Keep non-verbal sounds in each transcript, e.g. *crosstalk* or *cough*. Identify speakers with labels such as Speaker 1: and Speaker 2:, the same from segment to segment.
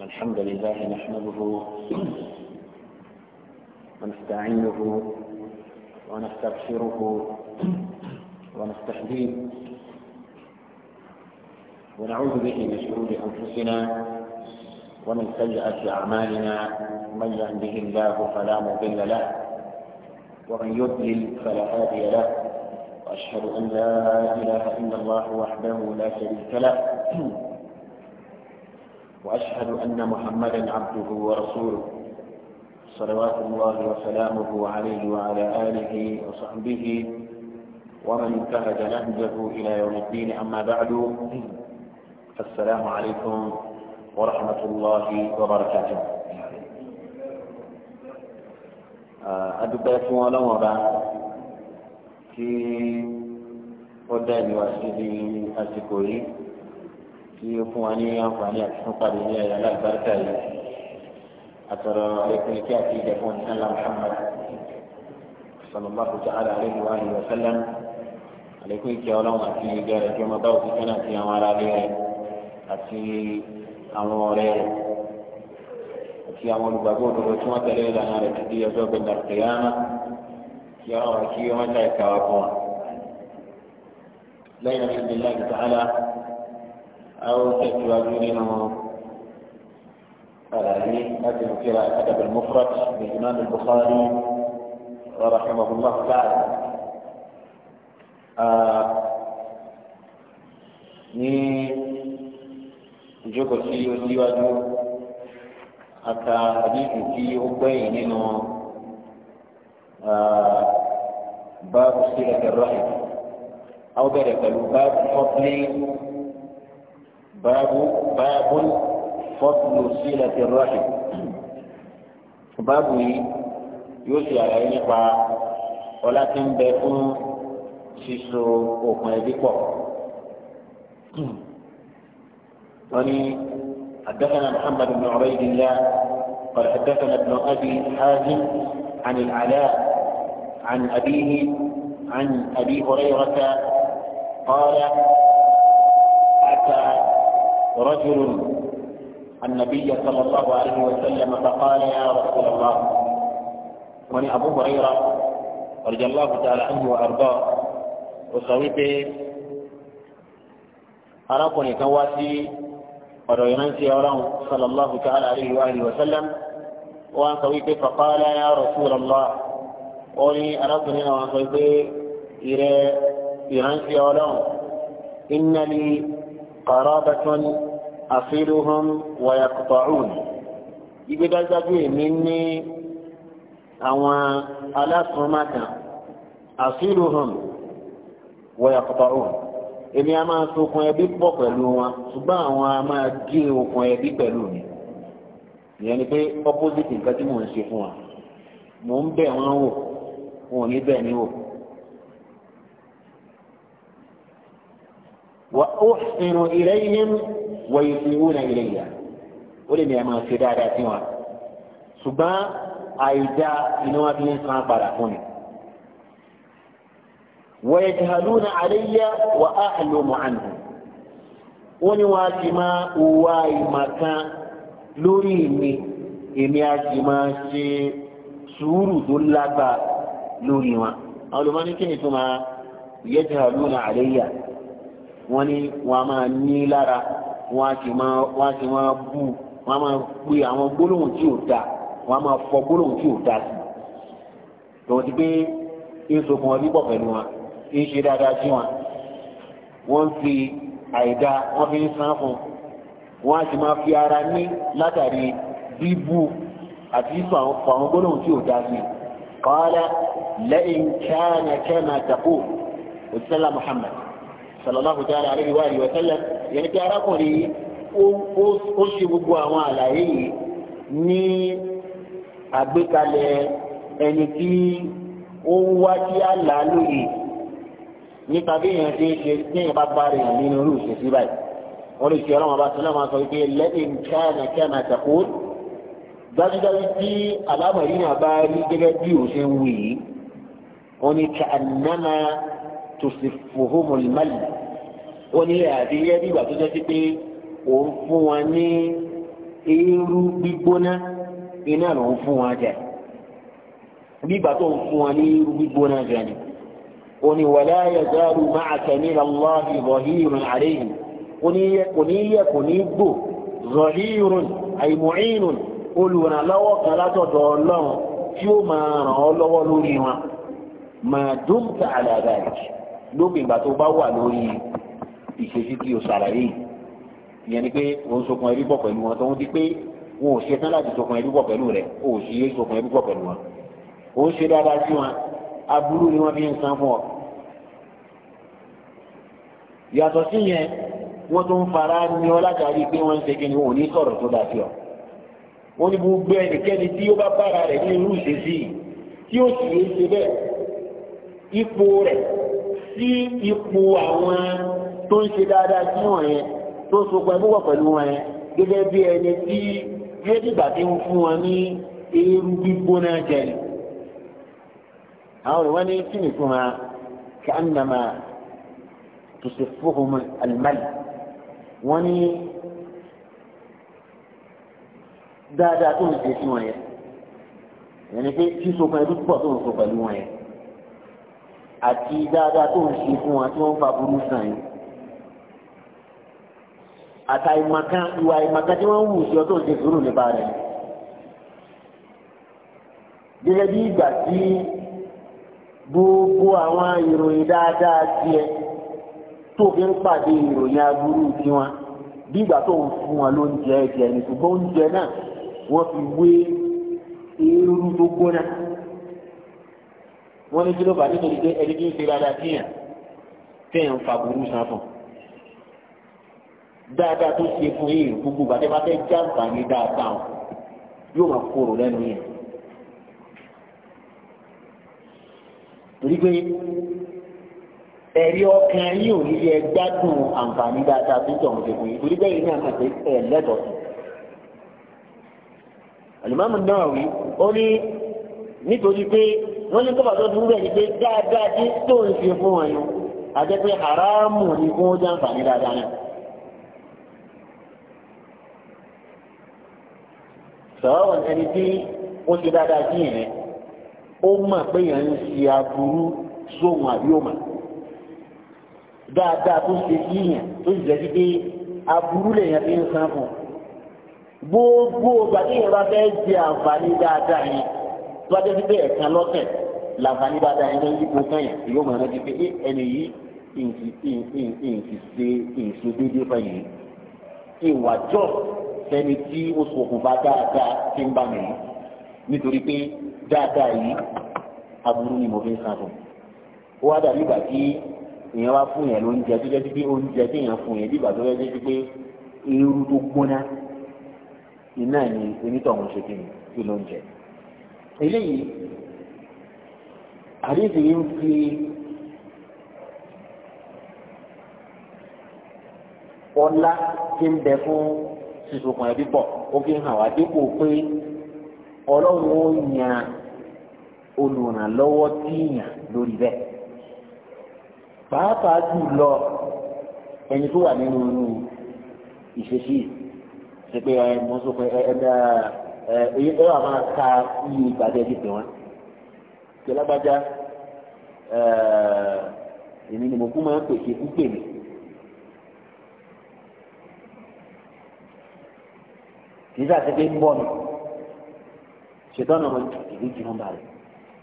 Speaker 1: الحمد لله نحمده ونستعينه ونستغفره ونستهديه ونعوذ به من شرور انفسنا ومن سيئات اعمالنا من يهده الله فلا مضل له ومن يضلل فلا هادي له واشهد ان لا اله الا الله وحده لا شريك له وأشهد أن محمدا عبده ورسوله صلوات الله وسلامه عليه وعلى آله وصحبه ومن انتهج نهجه إلى يوم الدين أما بعد فالسلام عليكم ورحمة الله وبركاته آه، أدبت ونوبا في قدامي وأسئلة أسكوي tí ó fún wa ní àǹfààní àti fún pàdé ní ẹ̀yà alágbàtà yìí àtọ̀rọ̀ ẹ̀kùnrin kí àti ìdẹ̀kùn ní sálà Muhammad sallallahu ta'ala alayhi wa alihi wa sallam àlékún ìkẹ́ ọlọ́run àti ìgbà rẹ̀ kí ọmọ bá òkú kan àti àwọn ará ilé rẹ̀ àti àwọn ọ̀rẹ́ rẹ̀ àti àwọn olùgbàgbọ́ òdodo tí wọ́n tẹ̀lé ìlànà rẹ̀ ti di ọjọ́ gbẹ̀dà kìyàmá
Speaker 2: kí ọlọ́run kí ọmọ ta ìkàwé fún wa. lẹ́yìn àti ìdílé àti أو تتواجدين هذه
Speaker 1: هذه الأدب المفرد للإمام البخاري رحمه الله تعالى ní ìjókòó tí ó síwájú aka àdéhùn tí ó gbẹ̀yìn nínú báàbù sílẹ̀ kẹrọ́ọ̀hìn. أو بلغ باب فضل باب باب فضل صلة الرحم báàbù يوسي على ṣe ولكن بيكون ọlá tí ń bẹ fún حدثنا محمد بن عبيد الله قال حدثنا ابن ابي حازم عن العلاء عن ابيه عن ابي هريره قال اتى رجل النبي صلى الله عليه وسلم فقال يا رسول الله وني أبو هريرة رضي الله تعالى عنه وأرضاه وصويته أراكني كواسي ورينانسي أورام صلى الله تعالى عليه وآله وسلم وصويته فقال يا رسول الله وني أراكني وصويته إلى يرانسي أورام إن لي قرابة أصلهم ويقطعون ìgbédájú èmi ní àwọn alásùnmákan asiluhum wa yaqta'un èmi a máa sokun ẹbí pọ̀ pẹ̀lú wọn ṣùgbọ́n àwọn a máa gé okun ẹbí pẹ̀lú mi ìyẹn ni pé opposite nǹkan tí mò ń ṣe fún wa mò ń bẹ̀ wọ́n wò wọn ò ní bẹ̀ ní wò. وأحسن إليهم ويسيئون إلي ولم يما سيدا داتيوا سبا أيدا إنوا بين سان بارافوني ويجهلون علي وأعلم عنهم wọ́n wá ti máa wá ìmọ̀kan lórí mi èmi a sì máa ṣe sùúrù tó lágbàá lórí wọn. àwọn olùmọ́ ní kí ni tó máa yẹ́jà lónà àléyà wọ́n ní wọ́n a máa ní lára wọ́n a sì máa wọ́n a sì máa bú wọ́n a máa pe àwọn gbólóhùn tí ò da wọ́n a máa fọ gbólóhùn tí ò da sí tòun ti pé ìsokùn ọbí pẹ̀lú wọn ń ṣe dáadáa sí wọn wọ́n fi àìda wọ́n fi ń san fún wọ́n a sì máa fi ara ní látàrí bíbú àti ìsọ àwọn gbólóhùn tí ò da sí kọ́lá lẹ́yìn kíá ni kẹ́ máa òṣìṣẹ́lá Muhammad sallallahu ta'ala alayhi wa alihi wa sallam yẹn kí arákùnrin yìí ó ṣe gbogbo àwọn àlàyé yìí ní àgbékalẹ̀ ẹni tí ó ń wá sí àlá lóye nípa bí èèyàn ṣe ṣe tí èèyàn bá bá rẹ̀ nínú irú ìṣesí báyìí wọ́n lè ṣe ọlọ́run ọba sọlá máa sọ wípé lẹ́yìn káàmì káàmì àtàkó dájúdájú tí alámọ̀rí náà bá rí gẹ́gẹ́ bí òṣèlú yìí wọ́n ní káàmì náà tusifuhumul mal ó ní àdéhìyẹ bí ìgbà tó jẹ́ sí pé òun fún wọn ní eérú gbígbóná iná lòun fún wọn jẹ bí ìgbà tó ń fún wọn ní eérú gbígbóná jẹ ni ó ní wàlá yazalu ma'aka min Allahi zahirun alayhim kò ní yẹ kò ní gbò zahirun ay olùrànlọ́wọ́ kan látọ̀dọ̀ ọlọ́run tí ó máa ràn ọ́ lọ́wọ́ lórí wọn ma dumta ala lópin ìgbà tó bá wà lórí ìṣesí tí o ṣàlàyé yìí ìyẹn ni pé o ń sokun ẹbí pọ̀ pẹ̀lú wọn tó ń di pé wọn ò ṣe tán láti sokun ẹbí pọ̀ pẹ̀lú rẹ̀ o ò sì yé sokun ẹbí pọ̀ pẹ̀lú wọn o ń ṣe dáadáa sí wọn aburú ni wọ́n fi ń san fún ọ. yàtọ̀ sí yẹn wọ́n tó ń fara ní ọ látàrí pé wọ́n ń ṣe kíni wọn ò ní sọ̀rọ̀ tó dá sí ọ. wọ́n ní gbogbo ẹnikẹ́ni tí ó bá bára rẹ̀ ní irú ìṣesí yìí tí ó sì yé ṣe bẹ́ẹ̀ ipò rẹ̀ sí ipò àwọn tó ń ṣe dáadáa sí wọn yẹn tó so pẹ̀lú wọ̀ pẹ̀lú wọn yẹn gẹ́gẹ́ bí ẹni tí yóò dìgbà tí ń fún wọn ní eérú gbígbóná jẹ àwọn ìwọ́n ní kí nìkan máa kí á nà máa tòṣe fóhùn àlùmáì wọ́n ní dáadáa tó ń ṣe sí wọn yẹn ẹni pé sísọ pẹ̀lú púpọ̀ tó ń sọ pẹ̀lú wọn yẹn àti dáadáa tó ń ṣe fún wa tí wọ́n ń fa burú sàn yìí àtàìmọ̀kan ìwà ìmọ̀kan tí wọ́n ń wù sí ọ tó ń ṣe sùúrù nípa rẹ̀ gẹ́gẹ́ bí ìgbà tí gbogbo àwọn ìròyìn dáadáa tiẹ̀ tó fi ń pàdé ìròyìn aburú tiwọn bí ìgbà tó ń fún wọn ló ń jẹ ẹ̀jẹ̀ ní ṣùgbọ́n oúnjẹ náà wọ́n fi wé eérú tó gbóná wọ́n ní kíló bàtí torí pé ẹni tí ń ṣe dáadáa tíyàn tíyàn ń fa burú san fún dáadáa tó ṣe fún yìí gbogbo bàtí bá fẹ́ já nǹkan dáadáa yóò máa kóró lẹ́nu yẹn torí pé ẹ̀rí ọkàn yìí ò ní yẹ gbádùn àǹfààní dáadáa tó tọ̀hún ṣe fún yìí torí bẹ́ẹ̀ ní àǹfààní ẹ̀ lẹ́tọ̀ọ́ sí. Al-Imam an ó ní nítorí pé wọ́n ní kọ́bà tó burú bẹ́ẹ̀ ni pé dáadáa tí tó ń fi fún wọn yìí àjẹ́ pé haramu ni fún ó jẹ́ àǹfààní dáadáa náà. sọ̀rọ̀ ẹni tí ó ṣe dáadáa sí yẹn ó mọ̀ pé yẹn ń ṣe aburú sóhun àbí òmà dáadáa tó ṣe sí yẹn tó sì jẹ́ sí pé aburú lè fi ń san fún gbogbo ìgbà tí yẹn bá fẹ́ jẹ àǹfààní dáadáa yẹn tó bá jẹ́ pípé ẹ̀ka lọ́sẹ̀ làǹfààní bá da ẹni ipò kẹ́yìn yóò mọ̀ ẹni pé ẹni yìí ìṣe déédéé fẹ́ yìí ìwà jọ sẹ́ni tí ó ṣokùnfà dáadáa ti ń bá mi yìí nítorí pé dáadáa yìí aburú ni mo fi ń san fún ó wá dàbí ìgbà tí èèyàn wá fún yẹn lóúnjẹ tó jẹ́ pé oúnjẹ tí èèyàn fún yẹn bí ìgbà tó jẹ́ pé eérú tó gbóná iná ni onítọ̀hún ṣe kí ni kí ló ń jẹ eléyìí àdéhùn yìí ń fi ọlá tí ń bẹ fún sísokùn ẹbí pọ̀ ó fi hàn wá dípò pé ọlọ́run ó yan olùrànlọ́wọ́ tí yàn lórí bẹ́ẹ̀ pàápàá jù lọ ẹni tó wà nínú ìṣesí ṣe pé ẹ mọ́sọ́kùn ẹ ẹ dáa èyí tó wà máa ka iye ìpàdé ẹbí pè wọn ṣe lágbájá èmi ni mo kú máa ń pèsè púpè mi. kì í sàti pé ń bọ̀ mi ṣètọ́nà ọmọ ìdílé ju nọ́mbà rẹ̀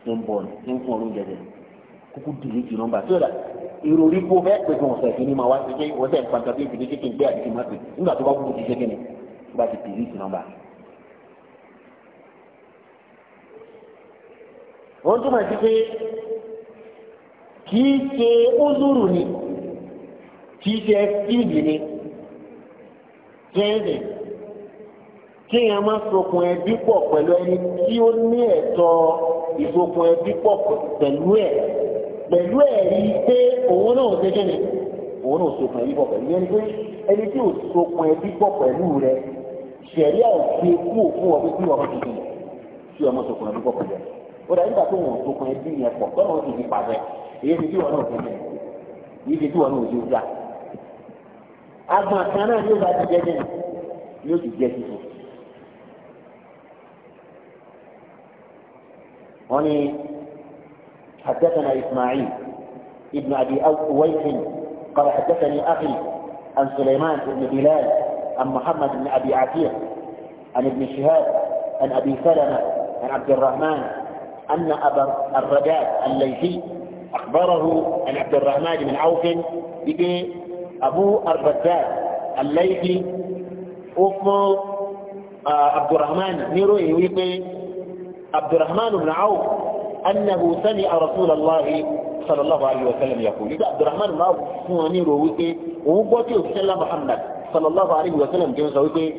Speaker 1: ṣe ń bọ̀ mi ṣe ń fún ọdún jẹjẹ kúkú dìlé ju nọ́mbà tí ó dà ìròrí kó fẹ́ pé fún ọ̀sẹ̀ ìfini máa wá sí pé wọ́n tẹ̀ ń pàtàkì ìdílé kékeré àti kí n pè nígbà tó bá kúkú ti ṣe ni tó bá ti dìlé ju nọ́mbà rẹ̀. wọ́n túmọ̀ sí pé kìí ṣe ózúrù ni kìí ṣe ẹ́sìtìlì ni kẹ́ẹ̀dẹ̀ kí èèyàn máa sokùn ẹbí pọ̀ pẹ̀lú ẹni tí ó ní ẹ̀tọ́ ìsokùn ẹbí pọ̀ pẹ̀lú ẹ̀ pẹ̀lú ẹ̀rí pé òun náà ṣe kí ni òun náà sokùn ẹbí pọ̀ pẹ̀lú ẹni pé ẹni tí ò sokùn ẹbí pọ̀ pẹ̀lú rẹ ṣẹ̀rí àìṣe kú òfin ọ̀gbìn tí wọ́n máa tuntun tí wọ́n máa sokùn ẹbí pọ̀ pẹ̀lú ẹ̀. ó dà nígbà tó wọn tó kan ẹbí yẹn pọ̀ tọ́nà ó ti di pàṣẹ èyí ti tí wọn náà fi bẹ̀rẹ̀ èyí ti tí wọn náà yóò gbà. àgbọn kan náà yóò bá ti jẹ jẹ yóò ti jẹ tuntun. wọ́n ní حدثنا إسماعيل ابن أبي أويس قال حدثني أخي عن سليمان بن بلال عن محمد بن أبي عتيق عن ابن شهاب عن أبي سلمة عن عبد الرحمن أن أبا الرداد الليثي أخبره عن عبد الرحمن بن عوف بأن أبو الرداد الليثي أف آه، عبد الرحمن نيروي ويقي عبد الرحمن بن عوف أنه سمع رسول الله صلى الله عليه وسلم يقول إذا عبد الرحمن بن عوف نيروي ويقي وقوتي وسلم محمد صلى الله عليه وسلم كما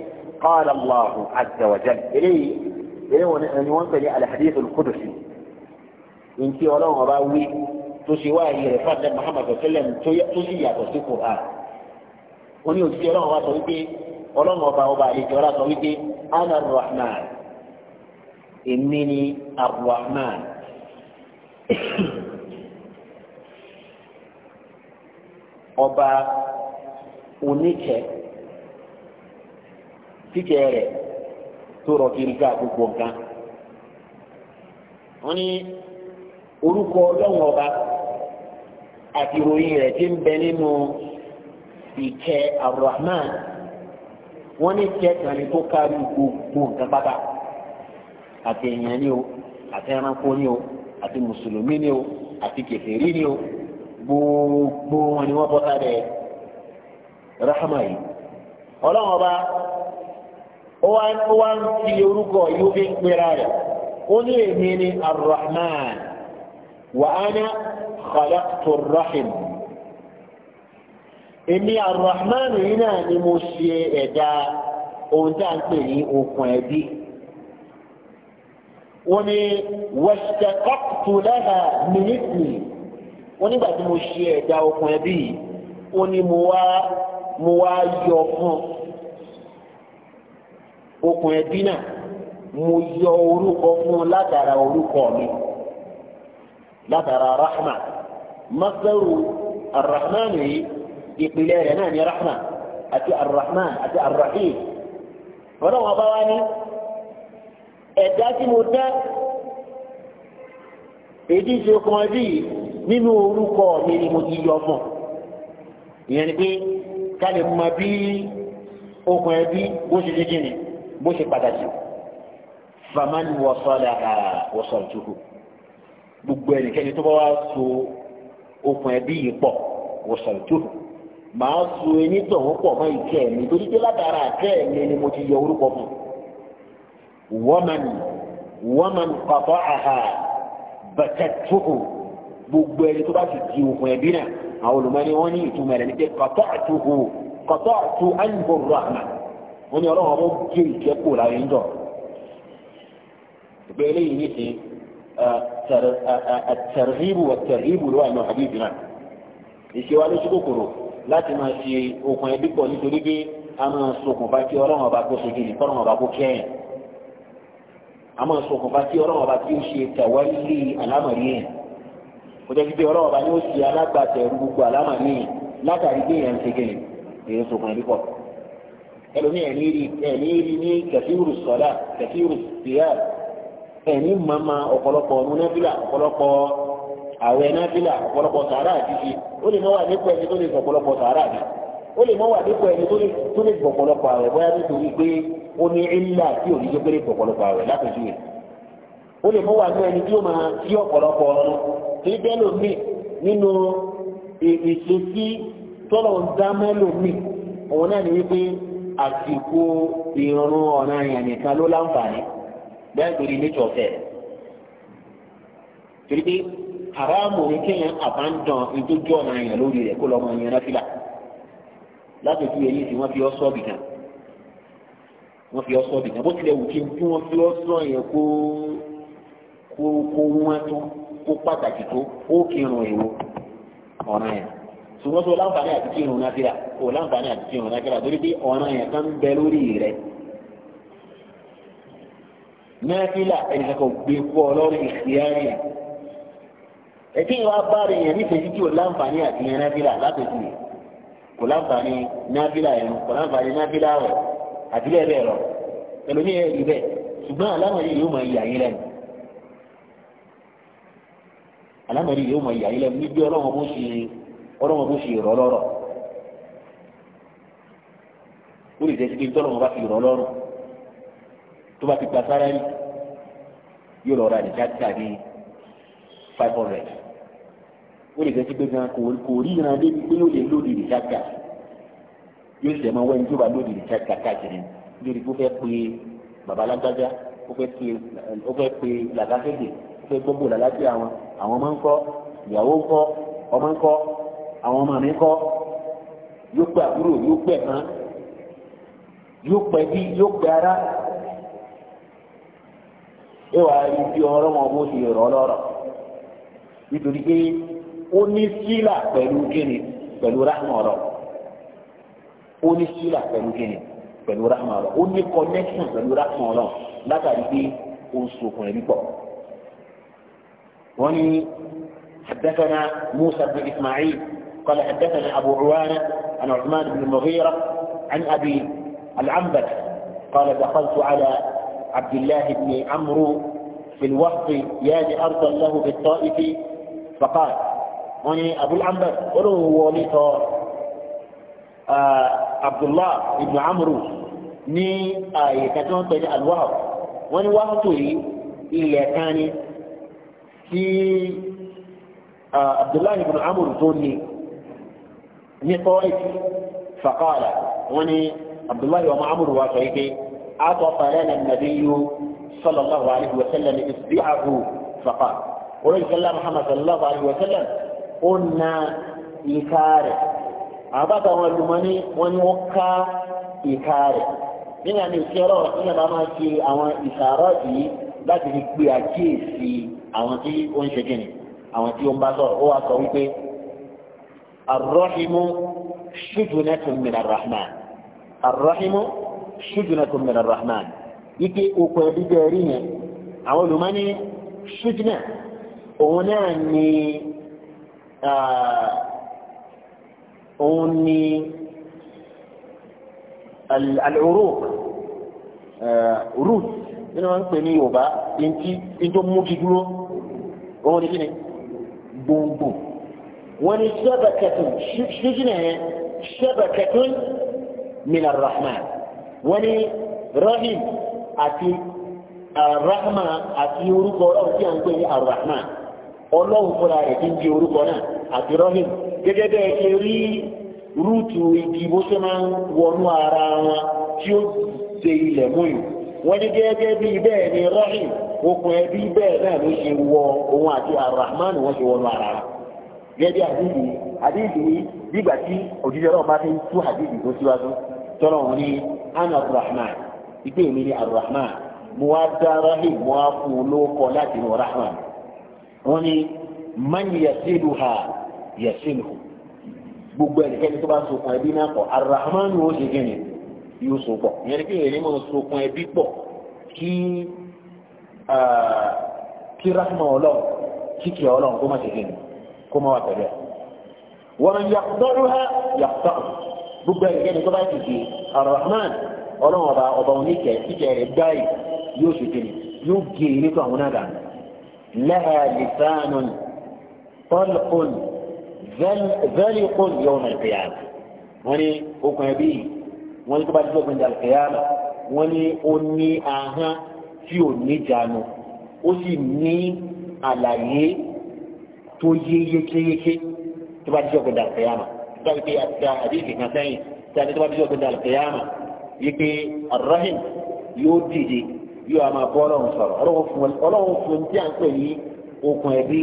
Speaker 1: قال الله عز وجل إليه eléyìí ni wọ́n pè ní alhadith al-qudusi nti ọlọ́run ọba wí tó ṣe wá ayé rẹ̀ fàdé muhammad sallam tó sì yàtọ̀ sí quran ó ní òṣìṣẹ́ ọlọ́run ọba sọ wípé ọlọ́run ọba ọba àlejò ọlá sọ wípé ana rahman èmi ni arrahman
Speaker 2: *clears throat*
Speaker 1: ọba oníkẹ kíkẹ rẹ̀. tó rọ kiri ká gbogbo nǹkan. wọ́n ní orúkọ ọlọ́run ọba àti ìròyìn rẹ̀ ti ń bẹ nínú ìkẹ́ ar wọ́n ní kẹ́kàn ni tó kárí gbogbo nǹkan pátá àti èèyàn ni o àti ẹranko ni o àti mùsùlùmí ni o àti kèfèrí ni o gbogbo ó wá ń fi orúkọ yóò fi ń pera rẹ̀ ó ní èmi ni arrahman wa ana khalaqtu rahim èmi arrahman yìí náà ni mo ṣe ẹ̀dá ohun tí a ń pè ní okùn ẹbí wọ́n ní wẹ́sítẹ́kọ́pù lẹ́hà wọ́n nígbà tí mo ṣe ẹ̀dá okùn ẹbí wọ́n ní mo wá yọ fún un okùn ẹbí náà mo yọ orúkọ fún látara orúkọ mi látara rahma masaru arrahman yìí ìpìlẹ̀ rẹ̀ náà ni rahma àti arrahman àti arrahim ọlọ́wọ́n bá wá ní ẹ̀dá tí mo dá èdè ṣe kan rí nínú orúkọ mi ni mo ti yọ mọ̀ ìyẹn ni pé ká lè mọ bí okùn ẹbí bó ṣe ṣe jìnnì bó ṣe pàtàkì famani wọ́sọ́lá wọ́sọ̀tùkù gbogbo ẹnikẹ́ni tó bá wá so okùn ẹbí yìí pọ̀ wọ́sọ̀tùkù màá so ẹni tó ń pọ̀ mọ́ ìkẹ́ mi torí pé látara àkẹ́ mi ni mo ti yọ orúkọ fún wọ́mọ̀nì wọ́mọ̀nì pàtó àhà bàtẹ́tùkù gbogbo ẹni tó bá sì di okùn ẹbí náà àwọn olùmọ̀ni wọ́n ní ìtumọ̀ rẹ̀ ní pé kọ̀tọ́ àtúkù kọ̀tọ́ àtú àyìnbó rahman. wọ́n ní ọlọ́run ọmọ gé ìkẹ́kọ̀ọ́ láyé ń jọ ìgbé eléyìí ní ti àtẹ̀rìbù àtẹ̀rìbù ló wà ní ìṣèwà ló ṣe kòkòrò láti máa ṣe okùn ẹbí pọ̀ nítorí pé a máa ṣokùnfà kí ọba kó ọba kó kẹ́yìn a máa ṣokùnfà kí ọba kí ó ṣe tẹ̀wálé alámọ̀rí yẹn jẹ́ pípé ẹlòmíì ẹ̀ní rí ẹ̀ní rí ní kẹfíwùrù sọ̀dá kẹfíwùrù síyá ẹ̀ní mama ọ̀pọ̀lọpọ̀ ọ̀nù nẹ́fìlà ọ̀pọ̀lọpọ̀ àwẹ̀ nẹ́fìlà ọ̀pọ̀lọpọ̀ sàárà àdìsí ó lè mọ́ wà nípò ẹni tó lè sọ̀pọ̀lọpọ̀ sàárà àdìsí ó lè mọ́ wà nípò ẹni tó lè gbọ̀pọ̀lọpọ̀ àwẹ̀ bóyá nítorí pé ó ní ìlà tí ò ní jẹ́ péré gbọ̀pọ̀lọpọ̀ àwẹ̀ lápẹ̀jú rẹ̀ ó lè mọ́ wà ní ẹni tí ó máa sí ọ̀pọ̀lọpọ̀ ọ̀run tí bẹ́ẹ̀ lòmíì nínú ìṣesí tọ́lọ̀ ń dá mẹ́lòmíì òun náà ní wípé àsìkò ìrun ọ̀nà yẹn nìkan ló láǹfààní bẹ́ẹ̀ torí nítorí ọ̀fẹ́ torí pé haramu ni kéèyàn àbándàn ìdójú ọ̀nà yẹn lórí rẹ̀ kó lọ́mọ yẹn náfìlà láti fi èyí tí wọ́n fi ọ́ sọ́ọ̀bì kan wọ́n fi ọ́ sọ́ọ̀bì kan bó tilẹ̀ wù kí n kí wọ́n fi ọ́ sọ́ yẹn kó kó kó wọ́n tó kó pàtàkì tó ó kírun èwo ọ̀nà yẹn ṣùgbọ́n tó láǹfààní àti kí irun nákìlá ò láǹfààní àti kí irun nákìlá torí pé ọ̀ràn yẹn kan bẹ lórí rẹ nákìlá ẹni kankan gbé fún ọ lọ́rùn ìṣìyàrì ẹtí ìwà bá rẹ yẹn nífẹ̀ẹ́ tí ò láǹfààní àti yẹn nákìlá látòkù yẹn kò láǹfààní nákìlá yẹn kò láǹfààní nákìlá rẹ àti bẹ́ẹ̀ bẹ́ẹ̀ lọ ẹlòmíì yẹn rí bẹ́ẹ̀ ṣùgbọ́n alámọ̀rí yóò máa yà yín lẹ́nu alámọ̀rí yóò máa yà yín lẹ́nu níbi ọlọ́run bó ṣe ọlọ́run bó ṣe rọ lọ́rọ̀ ó lè jẹ́ sí pé tọ́lọ́run bá fi rọ lọ́rùn tó bá ti gba sárárì yóò lọ ra nìkan tàbí five hundred ó lè jẹ́ sí pé gan kò rí ìran débi pé ó lè lóde nìkan kà yóò sì mọ wẹ́n tó bá lóde nìkan kà káàkiri lórí kó fẹ́ pé babalágbájá ó fẹ́ pé ó fẹ́ pé làkàfẹ́dẹ̀ ó fẹ́ gbogbo làlájì àwọn àwọn ọmọ ńkọ́ ìyàwó ńkọ́ ọmọ ńkọ́ àwọn ọmọ mi kọ́ yóò pẹ́ àbúrò yóò pẹ́ kan yóò pẹ́ bí yóò pẹ́ ara ẹ wàá rí bí ọ̀rọ̀ wọn bó ti rọ̀ lọ́rọ̀ nítorí pé ó ní sílà pẹ̀lú kíni pẹ̀lú ráhùn ó ní sílà pẹ̀lú kíni pẹ̀lú ráhùn ó ní connection pẹ̀lú ráhùn ọ̀rọ̀ látàrí pé ó ń sokùn ẹ̀mí pọ̀ wọ́n ní حدثنا موسى بن إسماعيل قال حدثني أبو عوانة عن عثمان بن المغيرة عن أبي العنبك قال دخلت على عبد الله بن عمرو في الوقت يا أرضا له في الطائف فقال وني أبو العنبك ولو وليت آه، عبد الله بن عمرو ني آية kan tí wọ́n pè ní كان في ní آه، عبد الله بن عمرو ni ní tọ́ì fàkọ́ọ̀lá wọn ni abdullahi wa ma'amuru wa sọ ike atọ́ fàlẹ́nà nàbíyú sallallahu alaihi wa sallam isbi'ahu fàkọ́ orí sallam muhammad sallallahu alaihi wa sallam ó na ìka rẹ̀ àbáta wọn lùmọ́ ní wọn ni wọ́n ká ìka rẹ̀ nínú àmì ìṣẹ́rọ̀ nínú àbá máa ṣe láti fi pe àkíyèsí àwọn tí ó ń ṣe kíni àwọn tí ó ń bá sọ̀rọ̀ ó wá sọ wípé arọ́hìmù ṣùjùnẹ́tùn mìíràn rahman arọ́hìmù ṣùjùnẹ́tùn mìíràn rahman ike okùn ẹbí bẹ́ẹ̀ rí yẹn àwọn olùmọ́ni ṣùjùnẹ́ òun náà ni òun ni al'uruq root nínú wọn ń pè ní yorùbá ntí ntó mú kí dúró òun ni kí ni gbòǹgbò. ولشبكة شجنة شبكة من الرحمن ولرحم أتي الرحمة أتي ورقه أو تي الرحمن ọlọ́run fúnra rẹ̀ ti ń di orúkọ náà àti rọ́hìn gẹ́gẹ́ bẹ́ẹ̀ ṣe rí rúùtù igi bó ṣe máa ń wọnú ara wọn tí ó ṣe ilẹ̀ múyù wọ́n gẹ́gẹ́ bí bẹ́ẹ̀ ni rọ́hìn okùn ẹbí bẹ́ẹ̀ náà ló ṣe wọ òun àti arahman wọ́n ṣe wọnú ara wọn. gẹ́gẹ́ àdìdì àdìdì nígbà tí òjijì ọlọ́run bá fi ń tú tó síwájú ní ana abdulrahman ìgbé mi ní abdulrahman mo wá dá rahim mo wá fún un lóko láti inú rahman wọn ni man ha yasilu gbogbo ẹnikẹ́ni tó bá sokun ẹbí náà pọ̀ ṣe yóò so sokun ẹbí pọ̀ kí ah, kí rahman kíkì kó má kó má wà tẹ̀lé wọn yàtọ̀rọ̀ ha yàtọ̀rọ̀ gbogbo ẹ̀yẹ́ni tó bá ti di arahman ọlọ́run ọba ọba oníkẹ́ ìjẹ́ rẹ̀ gbáyìí yóò ṣe kéde yóò gé eré tó àwọn náà dànù lẹ́hà lìsánù tọ́lùkùn yóò nà ìfẹ́yàmù wọ́n ní okùn ẹbí yìí wọ́n ní tó bá ti dọ̀gbìn dànù ìfẹ́yàmù ó ní ahọ́n tí ò ní jánu ó sì ní àlàyé tó yé yékéyéké tó bá dijọ́ gbẹdà kẹyàmà tó bá dijọ́ gbẹdà àdéhìí kan sẹ́yìn sani tó bá dijọ́ gbẹdà kẹyàmà yíké arahim yóò dìde yóò àmà bọ́ ọlọ́run sọ̀rọ̀ ọlọ́run fún tí a ń pè ní okùn ẹbí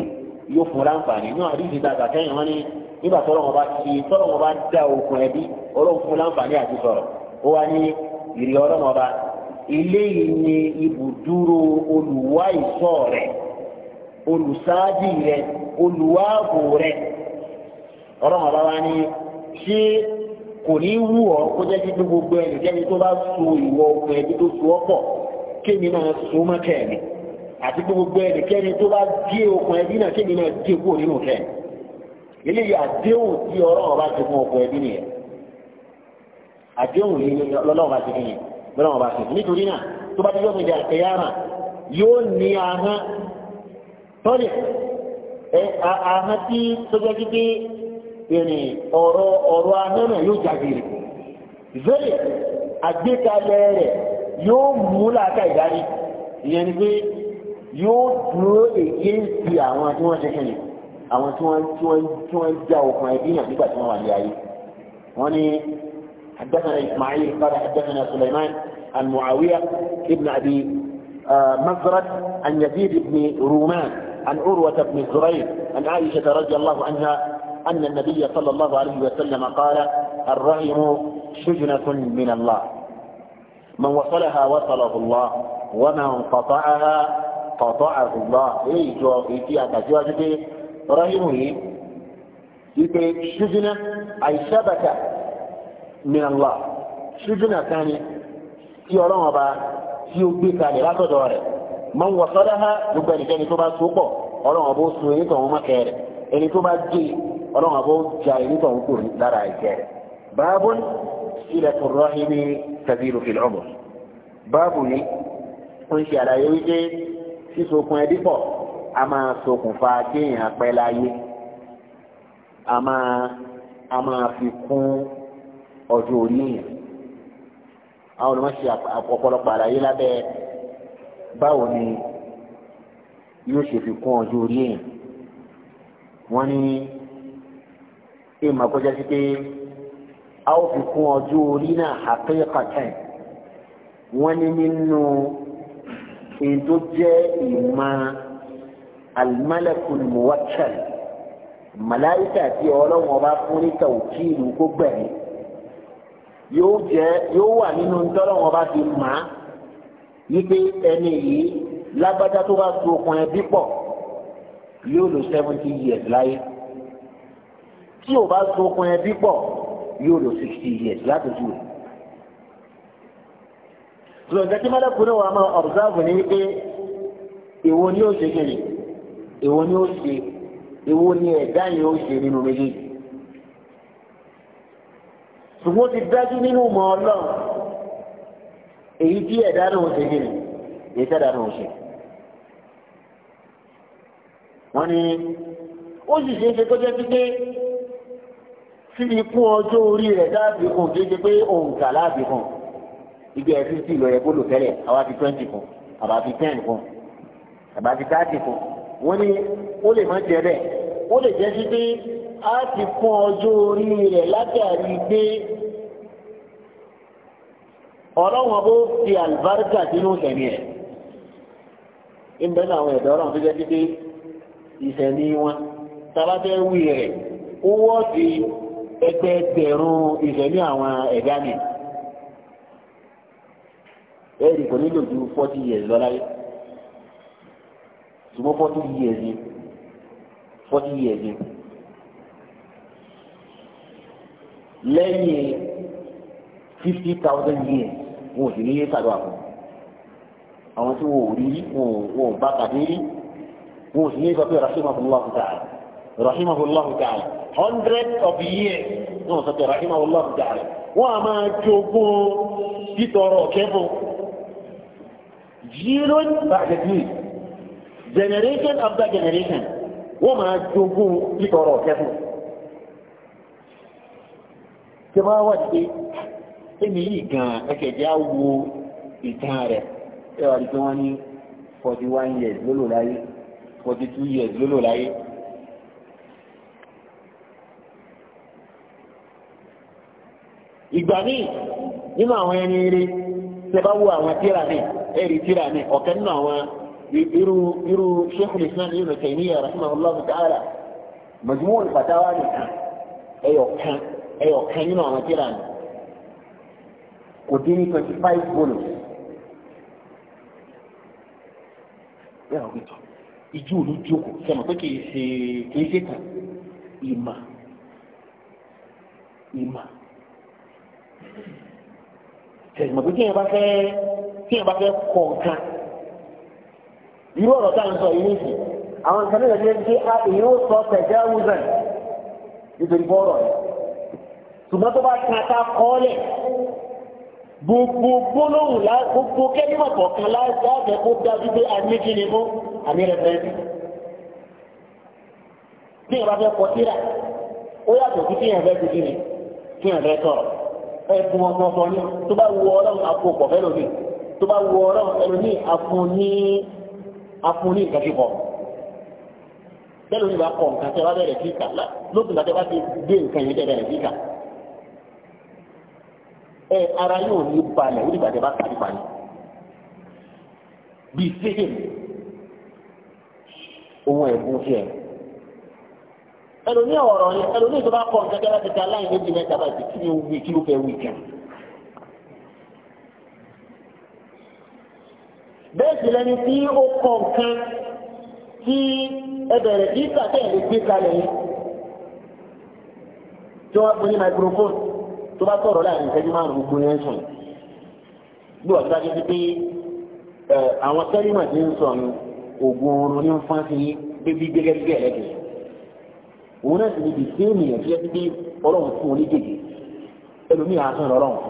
Speaker 1: yóò fún láǹfààní náà àdéhìí dàgbà kẹ́yìn wọn ni nígbà tọ́lọ́ wọn bá ti tọ́lọ́ wọn bá da okùn ẹbí ọlọ́run fún láǹfààní olùsáájì rẹ olùwáàbò rẹ ọlọ́run ọba wa ni ṣé kò ní wù ọ́ kó jẹ́ kí gbogbo ẹnikẹ́ni tó bá so ìwọ ọkùnrin ẹbí tó so ọ́ pọ̀ kémi náà so mọ́ kẹ́ẹ̀mí àti gbogbo ẹnikẹ́ni tó bá gé okùn ẹbí náà kémi náà gé kúrò nínú kẹ́ẹ̀mí eléyìí àdéhùn tí ọlọ́run ọba ti fún ọkùnrin ẹbí nìyẹn àdéhùn yìí lọ́lọ́run bá ti fi yìn lọ́lọ́run bá ti fi nítorí náà tó bá ti yọ̀ mí di àtẹ̀yàrá yóò ní ahọ́n tọ́lẹ̀ ẹ àhán tí sọ́jọ́ gbígbé ìrìn ọ̀rọ̀ ọ̀rọ̀ ahọ́nà yóò jágìrì zẹ́lẹ̀ àgbékalẹ̀ rẹ̀ yóò mú làákà ìdarí ìyẹn ni pé yóò dúró èyí ti àwọn tí wọ́n ṣe kẹ́lẹ̀ àwọn tí wọ́n tí wọ́n tí wọ́n já okùn ẹbí yàn nígbà tí wọ́n wà ní ayé wọ́n ní حدثنا إسماعيل قال حدثنا سليمان عن معاوية ابن أبي مزرد عن يزيد بن رومان عن عروة بن الزبير عن عائشة رضي الله عنها أن النبي صلى الله عليه وسلم قال الرحم شجنة من الله من وصلها وصله الله ومن قطعها قطعه الله إيه جو إيه جو جدي رحمه إيه شجنة أي شبكة من الله شجنة ثانية في أوروبا في أوروبا لغاية man wasalaha gbogbo ẹnikẹ́ni tó bá so pọ̀ ọlọ́run ọbọ̀ sun ẹni tó ń mọ kẹrẹ ẹni tó bá gé ọlọ́run ọbọ̀ ja ẹni tó ń kò lára ìkẹrẹ. báàbù sílẹ̀kùn rọ́hìnì tàbílù fìlì ọmọ báàbù ni ó ń ṣe àlàyé wípé sísokùn ẹbí pọ̀ a máa ṣokùnfà kéèyàn pẹ́ láyé a máa fi kún ọjọ́ orí èèyàn àwọn olùmọ̀ ṣe ọ̀pọ̀lọpọ̀ àlàyé lábẹ́ báwo ni yóò ṣe fi kún ọjọ́ orí èèyàn wọ́n ní èèmọ̀ kọjá sí pé a ó fi kún ọjọ́ orí náà àpéyàkàtàn wọ́n ní nínú èyí tó jẹ́ ìmọ̀ alimalekun muwakal màláíkà tí ọlọ́run ọba fún ní tàwùkìlù kó gbẹ̀mí yóò jẹ́ yóò wà nínú ntọ́lọ́run ọba fi màá wípé ẹni yìí lágbájá tó bá so okùn ẹbí pọ̀ yóò lò seventy years láyé tí o bá so okùn ẹbí pọ̀ yóò lò sixty years látòjú rẹ̀. lọ́nà tí mọ́lẹ́kùnrin wa máa observe ní wípé èwo ni ó ṣe kiri èwo ni ó ṣe èwo ni ẹ̀dá yẹn ó ṣe nínú méjèèjì. ṣùgbọ́n ti dájú nínú mọ́ ọlọ́run èyí tí ẹ̀dá náà ṣe kí ni èyí tẹ́dá náà ṣe. wọ́n ní ó sì ṣe é ṣe tó jẹ́ pípé sí ikú ọjọ́ orí rẹ̀ dáàbì kan kì í ṣe pé òǹkà láàbì kan ibi ẹ̀ fífi ìlọ̀yẹ̀ gbọ́dọ̀ tẹ́lẹ̀ àwa fi twenty kan àbá fi ten kan àbá fi thirty kan wọ́n ní ó lè má jẹ bẹ́ẹ̀ ó lè jẹ́ sí pé a ti kún ọjọ́ orí rẹ̀ látàrí pé ọlọ́wọ́n bó fi àlùbáríkà sínú ìsẹ̀mí ẹ̀ ń bẹ́ẹ̀ náà àwọn ẹ̀dọ́ ọlọ́run tó jẹ́ pípé ìsẹ̀mí wọn tabafẹ́ wí rẹ̀ ó wọ́ọ̀dì ẹgbẹẹgbẹ̀rún ìsẹ̀mí àwọn ẹ̀dá mi ẹ̀rì kò nílò ju forty years lọ láyé ṣùgbọ́n forty years ni forty years ni lẹ́yìn fifty thousand years wọn ò sì ní yé sàdúrà fún àwọn tí wọn ò rí wọn ò bá kàdé rí wọn ò sì ní sọ pé rahimahullahu ta'ala rahimahullahu ta'ala hundred of years náà sọ pé rahimahullahu ta'ala wọn a máa jogún títọrọ kẹfún jíròyìn bàjẹ́ bíi generation after generation wọ́n máa jogún títọrọ kẹfún tí wọ́n wá wá sí kíni yìí gan ẹkẹ̀jẹ́ á wo ìtàn rẹ̀ ẹ wà ní pé wọ́n ní forty one years ló lò láyé forty two years ló lò láyé. ìgbà míì nínú àwọn ẹni eré tẹ bá wo àwọn tíra ní ẹ̀rí tíra ní ọ̀kẹ́ nínú àwọn irú irú Sheikhul Islam Ibn Taymiyyah rahimahullahu ta'ala Majmu' al-Fatawa nìkan ẹyọ kan ẹyọ kan nínú àwọn tíra ní kò dín ní twenty five bonus. bẹ́ẹ̀ àwọn ìtọ̀ ìjú òní jókòó sẹ́mi pé kì í ṣe kì í ṣe tàn ìmọ̀ ìmọ̀ tẹ̀sán pé tíyẹn bá fẹ́ tíyẹn bá fẹ́ kọ̀ nǹkan irú ọ̀rọ̀ tá à ń sọ yìí nìyí àwọn nǹkan náà lè ṣe á èyí ó sọ tẹ̀jẹ́ wúzẹ̀ nítorí bọ́ọ̀rọ̀ ṣùgbọ́n tó bá kan ká kọ́ ọ́ gbogbo gbólóhùn la gbogbo kẹ́límọ̀ kọ̀ọ̀kan láàbẹ̀ kó dájú pé a ní kí ni mú àmì rẹ̀ fẹ́ bí. bí ìwà fẹ́ kọ síra ó yàtọ̀ sí kí ìyànfẹ́ ti kíni kí ìyànfẹ́ sọ̀rọ̀ ẹ̀kún ọmọ ọmọ ní tó bá wu ọlọ́run àpò pọ̀ fẹ́ lómi tó bá wu ọlọ́run ẹlòmí àfun ní àfun ní nǹkan kíkọ. bẹ́ẹ̀ ló ní bá kọ nǹkan tẹ́ wá bẹ̀rẹ̀ kíkà lókùn ẹ ara yóò ní balẹ̀ ó dìgbà tẹ bá kárí parí bíi sẹ́yìn ohun ẹ̀bùn fi ẹ̀ ẹlòmíì ọ̀rọ̀ yẹn ẹlòmíì tó bá kọ́ nkẹ́kẹ́ láti ta láì méjì mẹ́ta báyìí kí ni wí kí ló fẹ́ wí kan. bẹ́ẹ̀ sì lẹni tí ó kọ́ nǹkan tí ẹbẹ̀rẹ̀ kí kàtẹ́ ẹ̀ lè gbé kalẹ̀ yẹn tí wọ́n á gbé ní microphone tó bá tọ̀rọ̀ láàrin ìṣẹ́jú márùn-ún gbogbo yẹn sùn bí wọ́n ti bá débi pé àwọn tẹ́límà ti ń sọ ní ògùn oorun ní fún sí bíbí gẹ́gẹ́ lẹ́gẹ̀ òun náà sì ní bìí sí ènìyàn tí wọ́n ti pé ọlọ́run fún un ní gègé ẹlòmíì àásán lọ́rọ̀rùn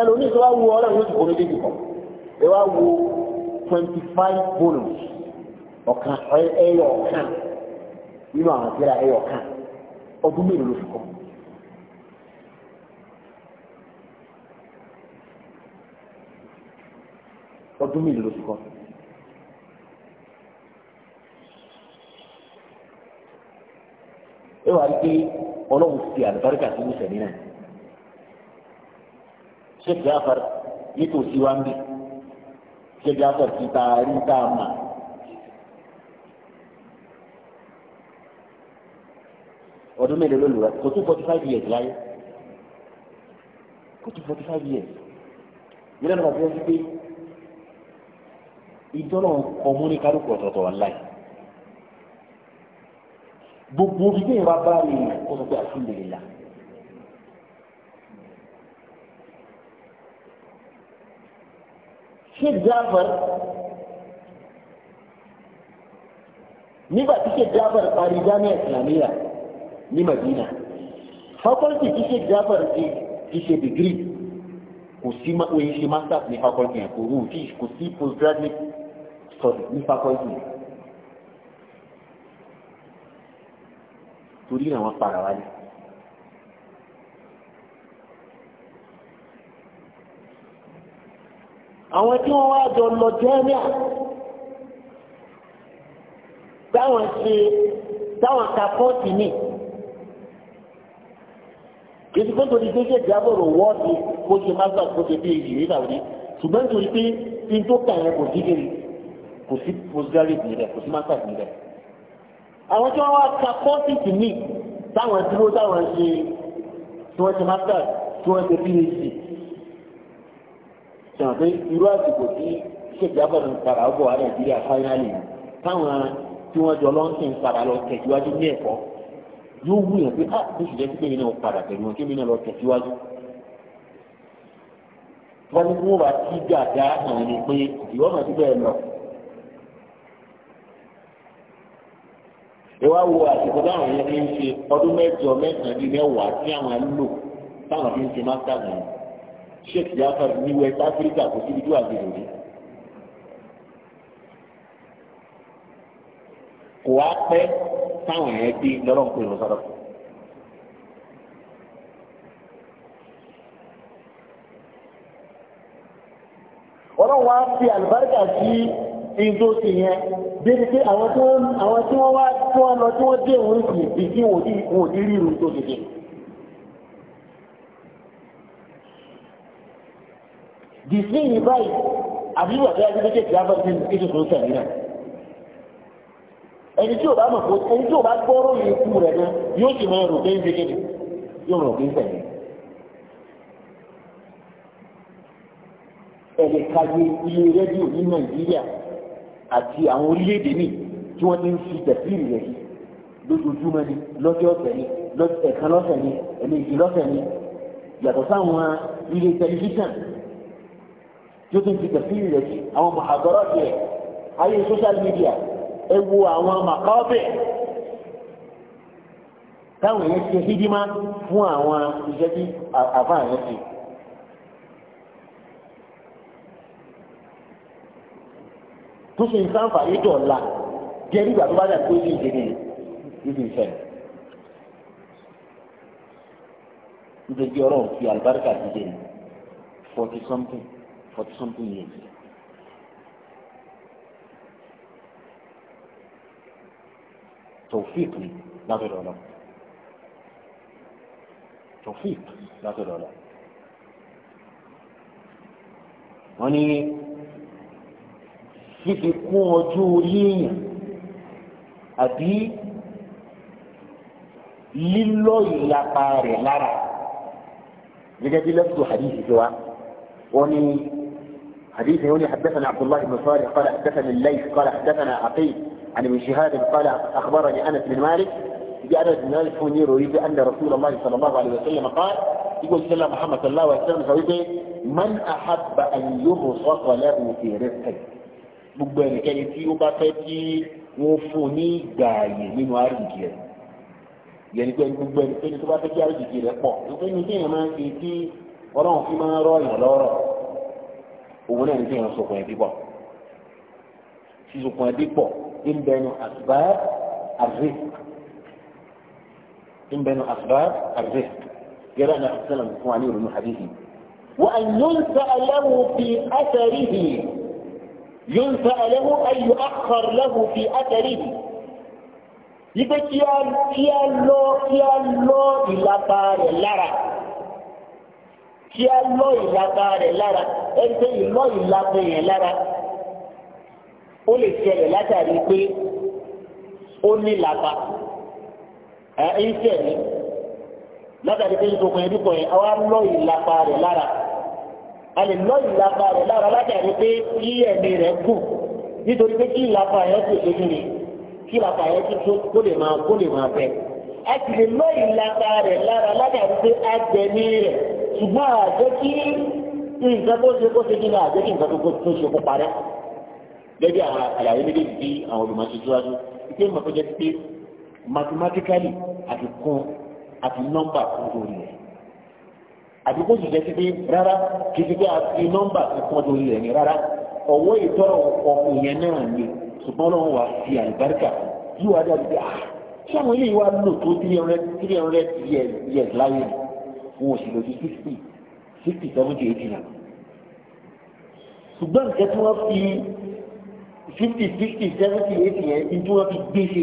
Speaker 1: ẹlòmíì tó wá wo ọlọ́run ló ti kọ́ ní gègé kan ẹ wá wo twenty five bonus ọ̀kan ẹyọ ọ̀kan nínú àwọn àti ẹyọ ọ̀kan ọdún mélòó ló fi kọ́ ọdún mélòó ló fi kọ́. ẹ wà á gbé ọlọ́run ti àlùbáríkà sí ní sẹ̀mí náà ṣéèkì afar nítòsí wa ń bì ṣéèkì afar ti ta rí tá a mà. ọdún mélòó ló lù rẹ kò tún forty five years láyé kò tún forty five years. mílíọ̀nù kan fi ẹ́ sí ìjọ́nà ọmú ní kálukú ọ̀tọ̀ọ̀tọ̀ online gbogbo ibi ìwà bá rí kó sọ pé alhamdulillah Sheikh Jafar nígbà tí Sheikh Jafar parí Jami'a Islamiyya ní Madina faculty tí Sheikh Jafar ti ṣe degree kò sí ma oyin ṣe masters ní faculty yẹn kò rú kò sí postgraduate study ní faculty torí náà wọ́n para wálé. àwọn tí wọ́n wá jọ lọ jẹ́ríà táwọn ṣe táwọn ka pọ́ọ̀tì ní kìí kó torí pé kéde àbọ̀rọ̀ wọ́ọ̀dì kó ṣe máa gbà kó ṣe bí èyí rí làwọn ṣùgbọ́n torí pé tí n tó kà yẹn kò sí kiri kò sí postgraduate níbẹ̀ kò sí masters níbẹ̀. àwọn tí wọ́n wá ka courses míì táwọn dúró táwọn ṣe tí wọ́n ṣe masters tí wọ́n ṣe phd sàn pé irú àsìkò tí ṣèjábọ̀ ń padà ọ̀bọ̀ wà nàìjíríà fáínálì táwọn tí wọ́n jọ lọ́ńsìn padà lọ tẹ̀síwájú ní ẹ̀kọ́ yóò wú yàn pé ah bí ìṣẹ̀lẹ̀ pípé yìí náà padà pẹ̀lú wọn kí mi náà lọ tẹ̀síwájú. wọ́n ní kí wọ́n bá tí gàdá àwọn ẹni pé ìwọ́n máa ti bẹ́ẹ̀ lọ ìwà wo àsìkò táwọn yẹn fi ń ṣe ọdún mẹ́jọ mẹ́sàn-án bíi mẹ́wàá tí àwọn lò táwọn fi ń ṣe mástà wọn sheikh jafar ní west africa kò síbi tó àgbèrè rí kò wá pẹ́ táwọn yẹn dé lọ́rọ̀ ń pè lọ sọ́dọ̀. ọlọ́run wá fi àlùbáríkà sí. ìjó sí yẹn débi pé àwọn tí wọ́n wá lọ tí wọ́n dé òun ní tó dìde. báyìí a ti ní kéjì tó tẹ̀lé náà. ẹni tí ò bá mọ̀ ẹni tí ò bá gbọ́rọ̀ yìí kú rẹ̀ náà yóò sì máa rò pé ń yóò rò pé ń tẹ̀lé. àti àwọn orílẹ̀-èdè míì tí wọ́n ti ń fi tẹ̀síìrì rẹ̀ yìí lójoojúmọ́ ni lọ́jọ́ ọ̀sẹ̀ ni ẹ̀kan lọ́sẹ̀ ni ẹ̀mejì lọ́sẹ̀ ni yàtọ̀ sáwọn ilé tẹlifíṣàn tí ó ti ń fi tẹ̀síìrì rẹ̀ yìí àwọn màhàbọ́rọ̀ tiẹ̀ ayé social media ẹ wo àwọn màkọ́ọ̀bẹ̀ táwọn èèyàn ṣe hídímá fún àwọn iṣẹ́ tí àfáà yẹn ṣe. tó ṣe nǹkan àǹfààní jọ̀ ńlá jẹ́ nígbà tó bá dà tó ṣe ìdíni níbi ìfẹ́ nítorí ọlọ́run fi àlùbáríkà dídé ní forty something forty something years. tòfíìkì látọ̀dọ̀ ọlọ́run tòfíìkì látọ̀dọ̀ ọlọ́run wọ́n ní. fífi kún ojú yíyàn àbí lílọ ìyapa rẹ̀ lára gẹ́gẹ́ bí lẹ́kùtù hadithi tiwa wọ́n ní حديث يقول حدثنا عبد الله بن صالح قال حدثنا الليث قال حدثنا عقيل عن ابن شهاب قال اخبرني انس بن مالك بأنس بن مالك فنير يريد أن رسول الله صلى الله عليه وسلم قال يقول سيدنا محمد صلى الله عليه وسلم من أحب أن يبسط له في رزقه gbogbo ẹnikẹ́ni tí ó bá fẹ́ kí wọ́n fún un ní gbààyè nínú àríjì rẹ̀ yẹnni pé gbogbo ẹnikẹ́ni tó bá fẹ́ kí àríjì rẹ̀ pọ̀ nítorí ní kéèyàn máa ń ṣe kí ọlọ́run fi máa ń rọ ìyàn lọ́rọ̀ òun náà ní kéèyàn sọkùn ẹbí pọ̀ sísọkùn ẹbí pọ̀ ń bẹnu àtibá àrè ń bẹnu àtibá àrè gẹ́gẹ́ bí a fún wa ní ìrònú àdéhì wọ́n àyùn sàlẹ̀ wò fi àtẹ̀rìhì. ينفع له أن يؤخر له في أثره ipe kí a kí a lọ kí a lọ ìlàpá rẹ̀ lára kí a lọ ìlàpá rẹ̀ lára ẹni pé ìlọ ìlàpá yẹn lára ó lè ṣẹlẹ̀ látàrí pé ó ní làpá ẹ ń ṣẹlẹ̀ látàrí pé ìtòkùn ẹbí kan yẹn àwa lọ ìlàpá rẹ̀ lára a lè lọ ìlàpá rẹ̀ lára látàrí pé kí ẹ̀mí rẹ̀ kù nítorí pé kí ìlàpá yẹn tó ṣe nílé kí ìlàpá yẹn tó tó kó lè máa kó lè máa bẹ. a sì lè lọ ìlàpá rẹ̀ lára látàrí pé agbẹ̀mí rẹ̀ ṣùgbọ́n àjẹ́ kí nǹkan tó ṣe kó ṣe nílé àjẹ́ kí nǹkan tó ṣe kó parẹ́. lẹ́bí àwọn àlàyé méjèèjì bí àwọn olùmọ̀ṣe síwájú ìpè mọ̀tọ́jẹ́ pé mathematically àti kún àti nọ́mbà kúrò rẹ̀ àbí kó sì jẹ́ sí pé rárá kì í ti pé a fi nọ́mbà tó pọ́n lórí rẹ̀ ni rárá ọ̀wọ́ ìtọ́rọ̀ ọkùn yẹn náà ni ṣùgbọ́n lọ́wọ́ wa fi àlùbáríkà yóò wá dàbí pé ah, ṣé àwọn eléyìí wá lò tó three years years láyé ni wọn ò sì lò ju sixty sixty seventy eighty náà ṣùgbọ́n nǹkan tí wọ́n fi fifty sixty seventy eighty yẹn ní tí wọ́n fi gbé ṣe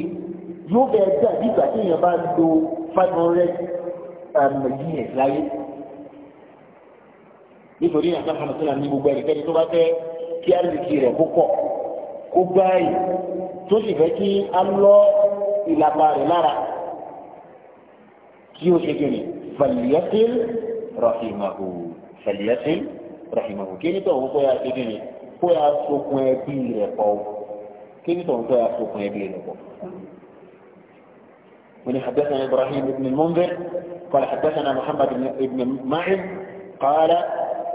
Speaker 1: yóò bẹ̀rẹ̀ dàbí ìgbà tí èèyàn bá lo five um, years láyé. nítorí àti àwọn ọ̀sán ní gbogbo ẹnikẹ́ni tó bá fẹ́ kí yà àríkì rẹ̀ púpọ̀ kó báyìí tó sì fẹ́ kí á lọ ìlàpá rẹ̀ lára kí ó ṣe kiri fàlìyàtìl rahimahu fàlìyàtìl rahimahu kí ní tọ̀hún kó yà ṣe kiri kó yà sókun ẹbí rẹ̀ pọ̀ kí ní tọ̀hún kó yà sókun ẹbí rẹ̀ pọ̀. من حدثنا ابراهيم بن المنذر قال حدثنا محمد بن معن قال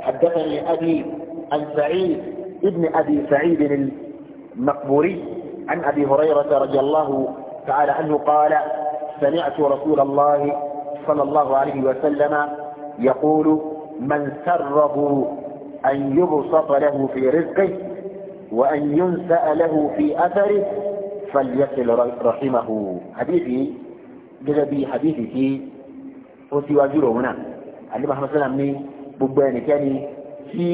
Speaker 1: حدثني أبي عن سعيد ابن أبي سعيد المقبوري عن أبي هريرة رضي الله تعالى عنه قال سمعت رسول الله صلى الله عليه وسلم يقول من سره أن يبسط له في رزقه وأن ينسأ له في أثره فليصل رحمه حديثي جذبي حديثي في وسواجره هنا علمه مثلا من gbogbo ẹnikẹ́ni tí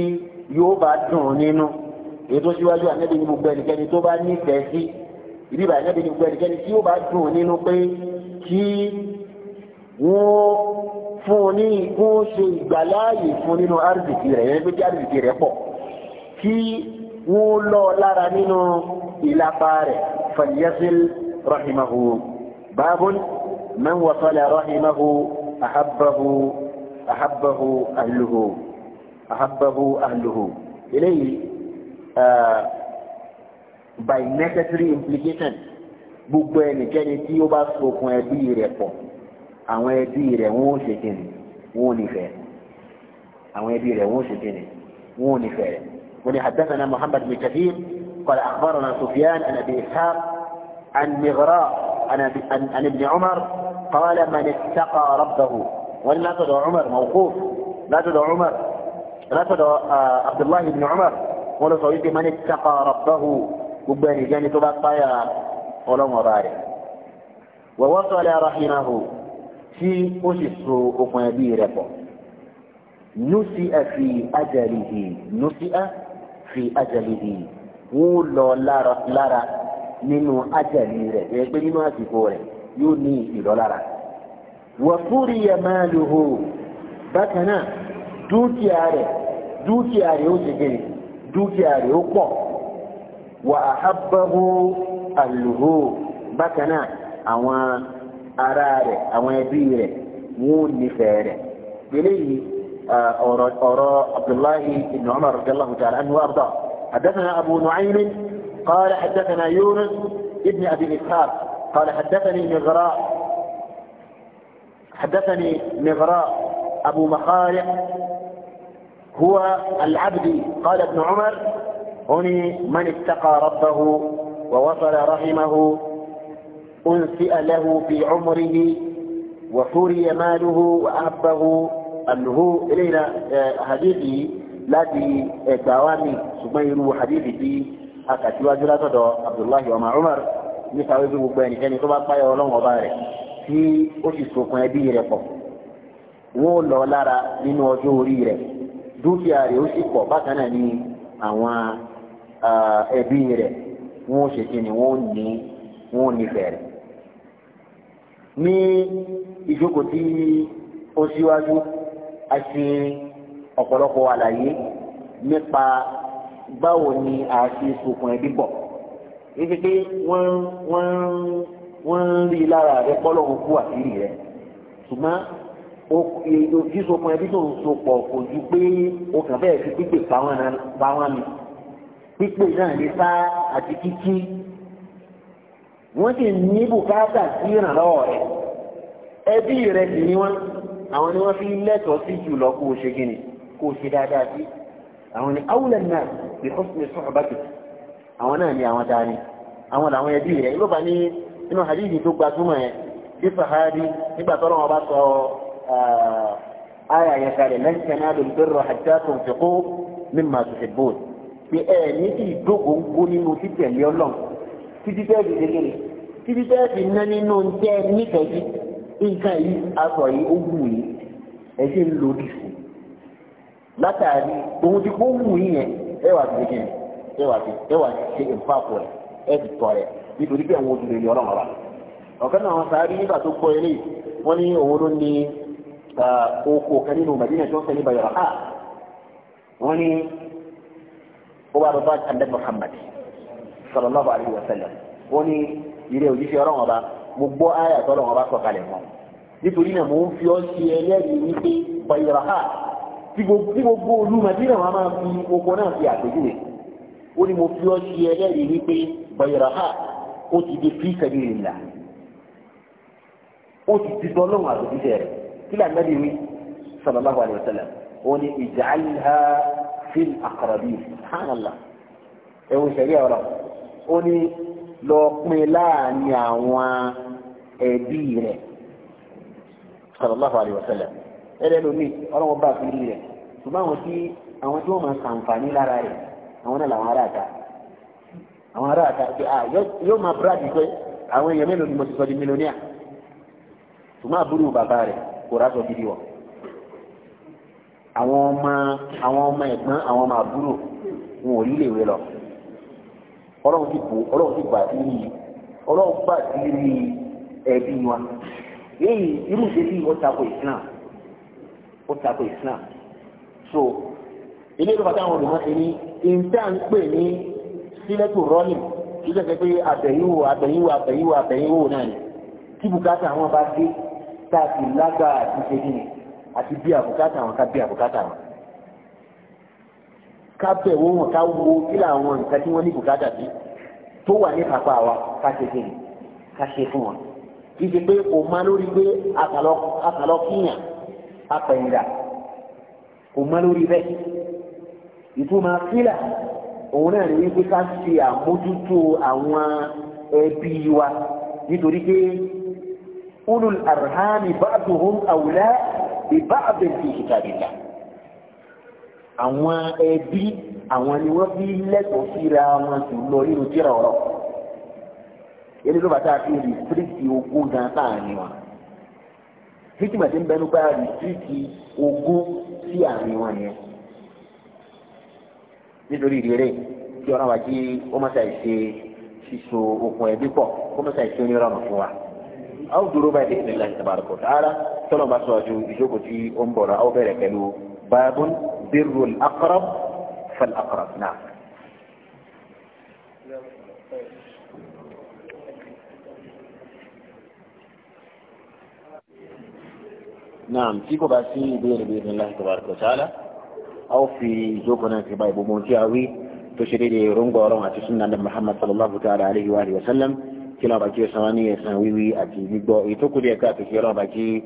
Speaker 1: yóò bá dùn nínú ètò síwájú ànábì ní gbogbo ẹnikẹ́ni tó bá nífẹ̀ẹ́ sí ìdíbà ànábì ní gbogbo ẹnikẹ́ni tí yóò bá dùn nínú pé kí wọ́n fún un ní kún ṣe ìgbàláàyè fún nínú àrùsìkì rẹ̀ yẹn pé kí àrùsìkì rẹ̀ pọ̀ kí wọ́n lọ lára nínú ìlàpá rẹ̀ fàlíyásíl rahimahu báàbùn man rahimahu ahabbahu أحبه أهله أحبه أهله إليه uh, by necessary implication gbogbo ẹnikẹ́ni tí ó bá sokun ẹbí rẹ̀ pọ̀ àwọn ẹbí rẹ̀ wọ́n ò ṣe kíni wọ́n ò nífẹ̀ẹ́ àwọn ẹbí rẹ̀ wọ́n ò ṣe kíni wọ́n ò nífẹ̀ẹ́ wọ́n ni حدثنا محمد بن كثير قال أخبرنا سفيان عن أبي إسحاق عن مغراء عن ابن عمر قال من اتقى ربه wọ́n látọ̀dọ̀ Umar mawquf látọ̀dọ̀ Umar látọ̀dọ̀ ah, Abdullah ibn Umar wọ́n lọ sọ wípé man ittaqa rabbahu gbogbo ẹni jẹ́ni tó bá páyà ọlọ́wọ́n ọba rẹ̀ wa wasala rahimahu tí ó sì so okùn ẹbí rẹ̀ pọ̀ nusi'a fi ajalihi nusi'a fi ajalihi wọ́n lọ lára nínú ajali rẹ̀ ẹgbẹ́ nínú àsìkò rẹ̀ yóò ní ìlọ́lára. وقري ماله بكنا دوكي عليه دوكي عليه وسجري دوكي عليه وقو وأحبه الله بكنا أوان أراري أوان بيري مون نفيري بليه آه، أرى عبد الله بن عمر رضي الله تعالى عنه وأرضاه حدثنا أبو نعيم قال حدثنا يونس ابن أبي إسحاق قال حدثني مغراء حدثني مغراء أبو مخارق هو العبد قال ابن عمر هني من اتقى ربه ووصل رحمه أنسئ له في عمره وفري ماله وأبه الهو إلينا حديثي الذي دوامي سبيل حديثي أكتوا جلسة عبد الله وما عمر نسأل ذو بني كان يتبقى يولون وبارك tí ó sì sokùn ẹbí rẹ̀ pọ̀ wọn ò lọ lára nínú ọjọ́ orí rẹ̀ dúkìá rẹ̀ ó sì pọ̀ bákan náà ní àwọn ẹbí rẹ̀ wọn ò ṣe ni wọn ò ní wọn ò nífẹ̀ẹ́ rẹ̀ ní ìjókòó tí ó síwájú a ṣe ọ̀pọ̀lọpọ̀ àlàyé nípa báwo ni a ṣe sokùn ẹbí pọ̀ ní pípé wọ́n wọ́n wọ́n ń rí lára rẹ kọ́lọ̀ ń kú àṣírí rẹ ṣùgbọ́n ìsopọ̀ ẹbí tó ń sopọ̀ kò ju pé o kàn bẹ́ẹ̀ fi pípé pa wọ́n mi pípé náà lè sá àti kíkí wọ́n sì ní bùkátà sí ìrànlọ́wọ́ rẹ
Speaker 2: ẹbí rẹ sì ni wọ́n
Speaker 1: àwọn ni wọ́n fi lẹ́tọ̀ọ́ sí jùlọ kó o ṣe gini kó o ṣe dáadáa sí àwọn ni awúlẹ̀ náà lè fọ́sùn ní sọ̀rọ̀ bàtì àwọn náà ni àwọn dání àwọn làwọn ẹbí rẹ ló bá ní nínú hadithi tó gbajúmọ̀ yẹn tí sàhábí nígbà tó lọ́wọ́ bá sọ àyà yẹn kalẹ̀ lan tanalul birra hatta tunfiqu mimma tuhibbun pé ẹ ní kí ìdógóńgó nínú títẹ̀lé ọlọ́run títí tẹ́ẹ̀dì kékeré títí tẹ́ẹ̀dì ná nínú jẹ́ nífẹ̀ẹ́ sí nǹkan yìí aṣọ yìí ó wù yìí ẹ ṣe ń lòdì fún látàrí òun ti kó wù yìí yẹn ẹ wà fi ẹ wà fi ẹ wà ṣe ìfapò rẹ ẹ fi tọ rẹ nítorí pé àwọn olùrè ni ọlọ́run ọba ọ̀kan náà wọn sáré nígbà tó kọ́ ilé wọn ní òun ló ní oko kan nínú Madina tó ń sẹ́ni bayọ̀rọ̀ ha wọn ní ó bá bá Ànábì Muhammad sallallahu alaihi wa sallam wọn ní ilé òjíṣẹ́ ọlọ́run ọba mo gbọ́ àyà tọ́lọ́run ọba sọ̀kalẹ̀ wọn nítorí náà mò ń fi ọ́ ṣe ẹlẹ́rìí wípé bayọ̀rọ̀ ha tí gbogbo olú Madina wọn máa fi oko náà fi àpèjúwe ó ní mo fi ọ́ ṣe ẹlẹ́rìí wípé bayọ̀rọ̀ ha ó ti di fi sabilillah ó ti ti gbọ́ lọ́wọ́ àtòjíṣẹ́ rẹ̀ kílẹ̀ mẹ́rin mi sallallahu alaihi wasallam ó ní ij'alha fil aqrabin subhanallah ẹ wo ìṣẹ̀rí ọ̀rọ̀ ó ní lọ pin láàrin àwọn ẹbí rẹ̀ sallallahu alaihi wasallam ẹlẹ́lómi ọlọ́wọ́ bá fi rí rẹ̀ ṣùgbọ́n àwọn tí wọ́n máa ń lára rẹ̀ àwọn náà làwọn aráàta àwọn ará àta pé yóò máa brad pé àwọn èèyàn mélòó ni mo ti sọ di mílíọ̀nìà ṣùgbọ́n àbúrò bàbá rẹ̀ kò rásọ gidi wọ̀ àwọn ọmọ àwọn ọmọ ẹ̀gbọ́n àwọn ọmọ àbúrò wọn ò lílè wé lọ ọlọ́run ti bò ọlọ́run ti gbà sí yìí ọlọ́run gbà sí rí ẹbí wa èyí irú ìdébí ó tako Islam ó tako Islam so ilé ìlú bàtà àwọn olùmọ̀ ẹni ìta ń pè ní sílẹ̀tò rọ́ọ̀lì kí lẹ́sẹ̀ pé àtẹ̀yìnwó àtẹ̀yìnwó àtẹ̀yìnwó àtẹ̀yìnwó náà ni tí bùkátà àwọn bá dé tá a sì lágbára àti ṣe kí ni àti bí àbùkátà wọn ká bí àbùkátà wọn ká bẹ̀wò wọn ká wo kí làwọn nǹkan tí wọ́n ní bùkátà sí tó wà ní kápá wa ká ṣe kí ni ká ṣe fún wọn kì í ṣe pé kò má lórí pé àkàlọ́ kíyàn apẹ̀yìndà kò má lórí bẹ́ẹ̀ ìtumọ̀ fílà òun náà ní wípé ká ṣe àmójútó àwọn ẹbí wa nítorí pé ulul arhami ba'duhum awla bi ba'd fi kitabillah àwọn ẹbí àwọn ni wọ́n fi lẹ́tọ̀ọ́ síra wọn jù lọ nínú tírà ọ̀rọ̀ yẹni ló bá tá a fi rìsíríkì ogún gan sáàárín wọn fíjìmọ̀ tí ń bẹnu bá rìsíríkì ogún sí àárín wọn yẹn nítorí ìrere kí ọlọ́wà kí ó má ṣàì ṣe ṣíṣo okùn ẹbí pọ̀ kó má ṣàì ṣe onírọ̀rùn fún wa. a ó dúró báyìí ní ìlànà ìtàbàrọ̀kọ̀ tààrà tọ́lọ̀ bá sọ ju ìjókòó tí ó ń bọ̀rọ̀ a ó bẹ̀rẹ̀ pẹ̀lú babun birrul aqrab fal aqrab náà. نعم فيكم بقى في بين بإذن الله تبارك وتعالى aw fi zokonan fi bai bomo jawi to shi dai rungo ron a cikin nan Muhammad sallallahu ta'ala alaihi wa alihi wa sallam kila ba ki samani ya san wiwi a ti gbo e to ku dai ka ta kira ba ki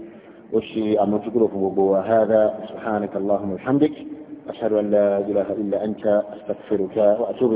Speaker 1: o shi amma tukuro fu gbo wa hada subhanaka allahumma wa hamdik ashhadu an la ilaha illa anta astaghfiruka wa atubu